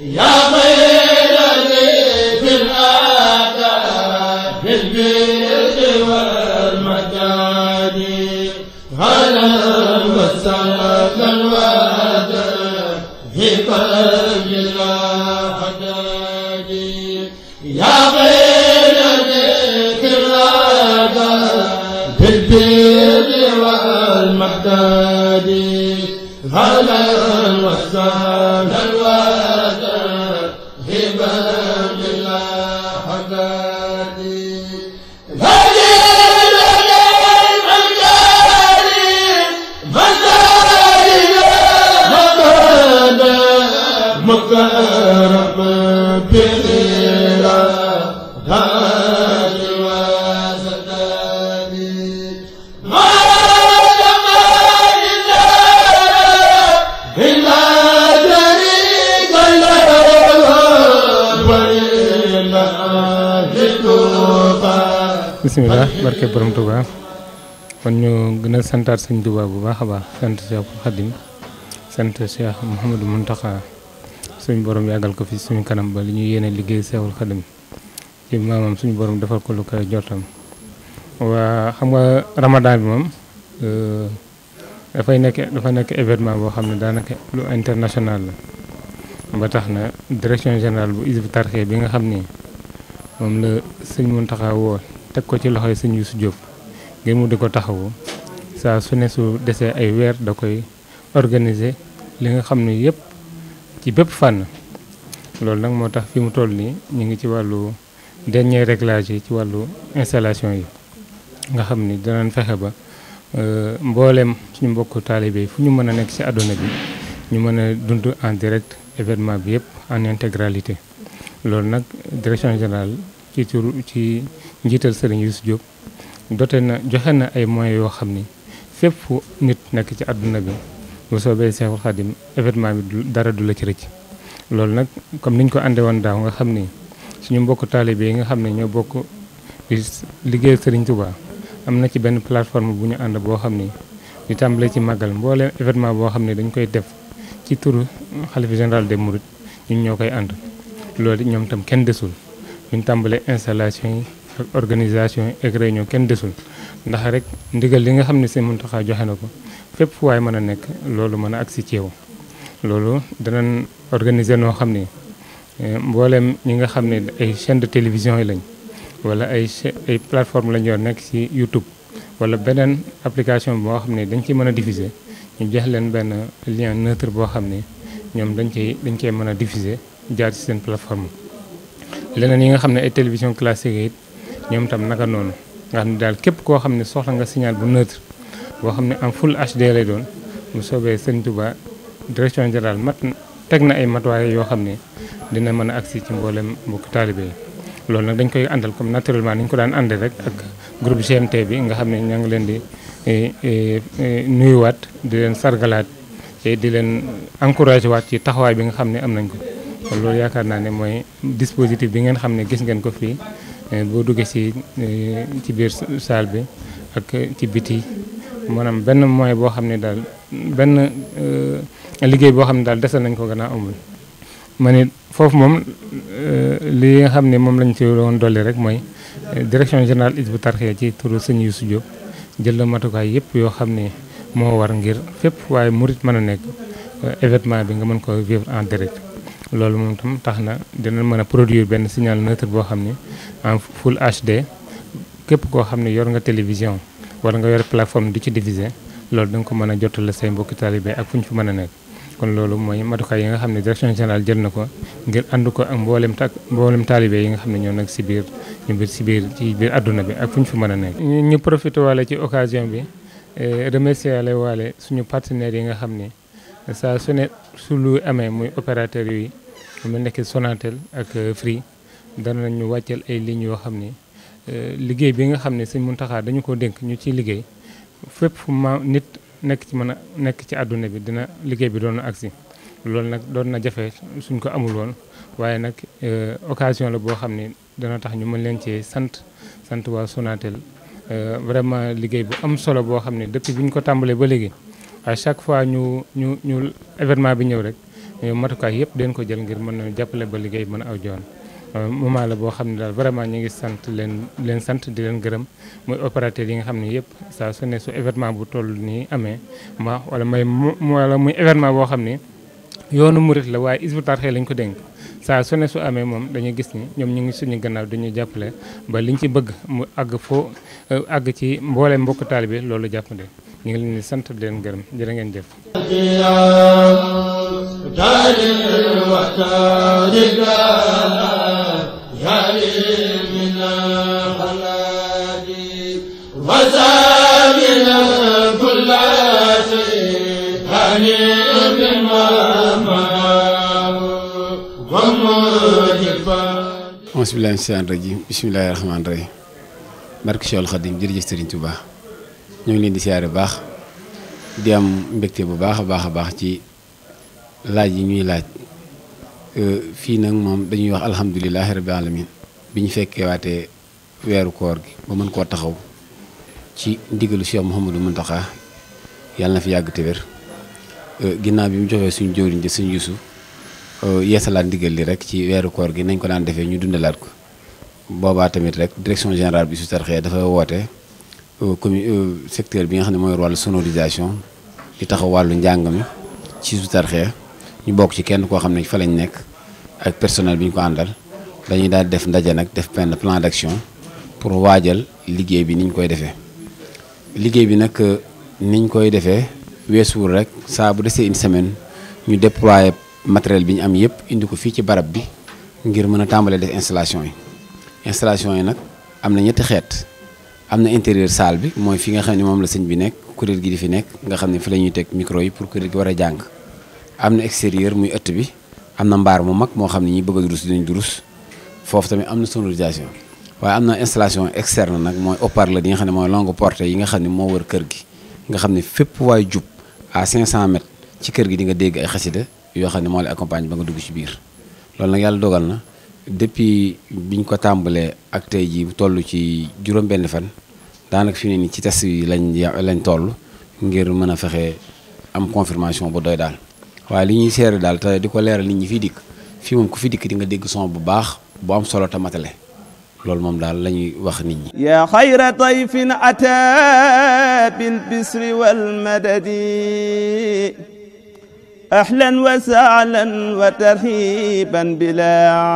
يا bisimilah barke borom Touba kon ñu gën a santaat sëñ Touba bu baax a baax sant Cheikh Khadim sant Cheikh Mouhamadou Mountakha suñu borom yàggal ko fi suñu kanam ba li ñu yéene liggéey seewul xadim ci maamam suñu borom defal ko lu koy jortam waa xam nga ramadan bi moom euh, dafay nekk dafa nekk événement boo xam ne daanaka lu international la ba tax na direction générale bu Hizbut Tarqiyyah bi nga xam ni moom la sëñ Mountakha woo teg ko ci loxoy sëñ su Diop ngir mu di ko taxawu saa su ne su desee ay weer da koy organiser li nga xam ni yëpp ci bépp fànn loolu nag moo tax fi mu toll nii ñu ngi ci wàllu dernier réglage yi ci wàllu installation yi nga xam ni danañ fexe ba euh, mbooleem suñu mbokku taalibe yi fu ñu mën a nekk ci àdduna bi ñu mën a dund en direct événement bi yëpp en intégralité loolu nag direction générale ci ci njiital Serigne Youssou Diop dote na joxe na ay moyens yoo xam ni fépp fu nit nekk ci àdduna bi bu soobee Seexul Xadim événement bi dara du la ci rëcc loolu nag comme ni ñu ko àndee woon daaw nga xam ni suñu mbokk taalibe yi nga xam ne ñoo bokk di liggéeyal Serigne Touba am na ci benn plateforme bu ñu ànd boo xam ni di tàmbale ci màggal mbooleem événement boo xam ne dañ koy def ci turu xalifa général de Mourides ñun ñoo koy ànd loolu ñoom tam kenn desul buñ tàmbalee installation yi. ak organisation ak ñoo kenn desul ndax rek ndigal li nga xam ne mun Muntaxa joxe na ko fépp fu waay mën a nekk loolu mën a agsi ci yow loolu danañ organiser noo xam ne eh, mbooleem ñi nga xam ne ay chaîne de télévision yi lañ wala ay ay plateforme lañ yor nekk ci YouTube wala beneen application boo xam ne dañ ciy mën a diffuser ñu jox leen benn lien neutre boo xam ne ñoom dañ cey dañ cey mën a diffuser jaar ci seen plateforme leneen yi nga xam ne ay ñoom tam naka noonu nga xam ne daal képp koo xam ne soxla nga signal bu neutre boo xam ne en full HD lay doon mu soobee Sëñ Touba direction générale mat teg na ay matuwaay yoo xam ne dina mën a agsi ci mboolem mbokk taalibe yi loolu nag dañ koy àndal comme naturellement ni ñu ko daan àndee rek ak groupe GMT bi nga xam ne ña ngi leen di eh, eh, eh, nuyuwaat di leen sargalaat di leen encouragé waat ci taxawaay bi nga xam ne am nañ ko loolu yaakaar naa ne mooy dispositif bi ngeen xam ne gis ngeen ko fii Eh, boo duggee si eh, ci biir saal bi ak ci biti maanaam benn moyen boo xam ne daal benn eh, liggéey boo xam ne daal desal nañ ko gën a amul. ma foofu moom li nga xam ne moom lañ ci doon dolli rek mooy direction générale bu Tarqiyyah ci turu sëñ Youssou jël la matukaay yëpp yoo xam ne moo war ngir fépp waaye murit mën a nekk évétement bi nga mën ko vivre en direct. loolu moom tam tax na dina mën a produire benn signal neutre boo xam ni en full HD képp koo xam ne yor nga télévision wala nga yor plateforme di ci diviser loolu danga ko mën a jottale say mbokki taalibe ak fu fi mën a nekk. kon loolu mooy matukaay yi nga xam ne direction générale jël na ko ngir ànd ko ak mboolem tak mboolem yi nga xam ne ñoo nag si biir ñu si biir ci biir adduna bi ak fu fi mën a nekk. ñu profité waale ci occasion bi eh, remercier waale suñu partenaires yi nga xam ne saa su ne su lu amee muy opérateur yi. mu nekk sonateel ak euh, Free danañ ñu wàcceel ay lignes yoo xam ne euh, liggéey bi nga xam ne Sëñ Muntaxa dañu ko dénk ñu ciy liggéey fépp fu ma nit nekk ci mën a nekk ci àdduna bi dina liggéey bi doon na agsi loolu nag doon na jafe suñ ko amul woon waaye nag euh, occasion la boo xam ne dana tax ñu mën leen cee sant sant waa Sonatel vraiment liggéey bu am solo boo xam ne depuis bi ñu ko tàmbalee ba léegi chaque fois ñu ñu ñu événement bi ñëw rek matukaay yëpp den ko jël ngir mën a jàppale ba liggéey mën a aw joon euh, moment la boo xam ne daal vraiment ñu ngi sant leen leen sant di leen gërëm muy opérateur yi nga xam ne yëpp saa su ne su événement bu toll nii amee ma wala may wala muy événement boo xam ne yoonu murit la waaye Hizbut Tarqiyyah lañ ko dénk saa su su amee moom dañu gis ni ñoom ñu ngi suñu gannaaw dañuy jàppale ba liñ ci bëgg mu àgg foo euh, àgg ci mbooleem mbokk taalibe loolu jàppande ñu ngi leen di sant di leen gërëm jërë ngeen jëf وزامنا كل شيء بسم الله الرحمن الرحيم بسم الله الرحمن الرحيم barke Seexul Xadiim jërëjëf Sëriñ Tuubaa ñoo ngi leen di siyaare baax di am mbégte bu baax a baax a baax ci laaj yi ñuy laaj euh, fii nag moom dañuy wax alhamdulilahi rabbi alamin bi ñu fekkee waatee weeru koor gi ba mën koo taxaw ci ndigalu Cheikh Mouhamadou Mountakha yàlla na fi yàgg te euh, ginnaaw bi mu joxee suñu jëwriñ ji suñu yusu euh, yeesalaat ndigal li rek ci weeru koor gi nañ ko daan defee ñu dunde laat ko boobaa tamit rek direction générale bi su tarxee dafa woote Euh, commune euh, secteur bi nga xam ne mooy wàllu sonorisation di taxaw wàllu njàng mi ci Hizbut-Tarqiyyah ñu bokk ci kenn koo xam ne fa lañ nekk ak personnel bi ñu ko àndal dañuy daal def ndaje nag def benn plan d'action pour waajal liggéey bi ni ñu koy defee liggéey bi nag euh, ni ñu koy defee weesuwul rek saa bu desee une semaine ñu déployer matériel bi ñu am yëpp indi ko fii ci barab bi ngir mën a tàmbalee def installation yi installation yi nag am na ñetti xeet am na intérieur salle bi mooy fi nga xam ne moom la sëñ bi nekk kuréel gi di fi nekk nga xam ne fi la ñuy teg micro yi pour kuréel gi war a jàng am na extérieur muy ëtt bi am na mbaar mu mag moo xam ne ñi bëgg a durus dinañ durus foofu tamit am na sonorisation waaye am na installation externe nag mooy haut-parleur yi nga xam ne mooy longue portée yi nga xam ne moo wër kër gi nga xam ne fépp waay jub à cent mètres ci kër gi di nga dégg ay xasida yoo xam ne moo lay accompagne ba dugg ci biir loolu nag yàlla dogal na depuis biñ ko tàmbalee ak tey ji toll ci juróom benn fan daanaka fi ne nii ci test lañ lañ ngir mën a fexe am confirmation bu doy daal waaye li ñuy seere daal te di ko leeral nit ñi fiy dikk fii moom ku fi dikk di nga dégg son bu baax bu am solo te matale loolu moom daal la wax nit ñi yaa xayra tayfin ata bil bisri wal madadi ahlan wa sahlan wa tarhiban bila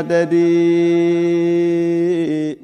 adadi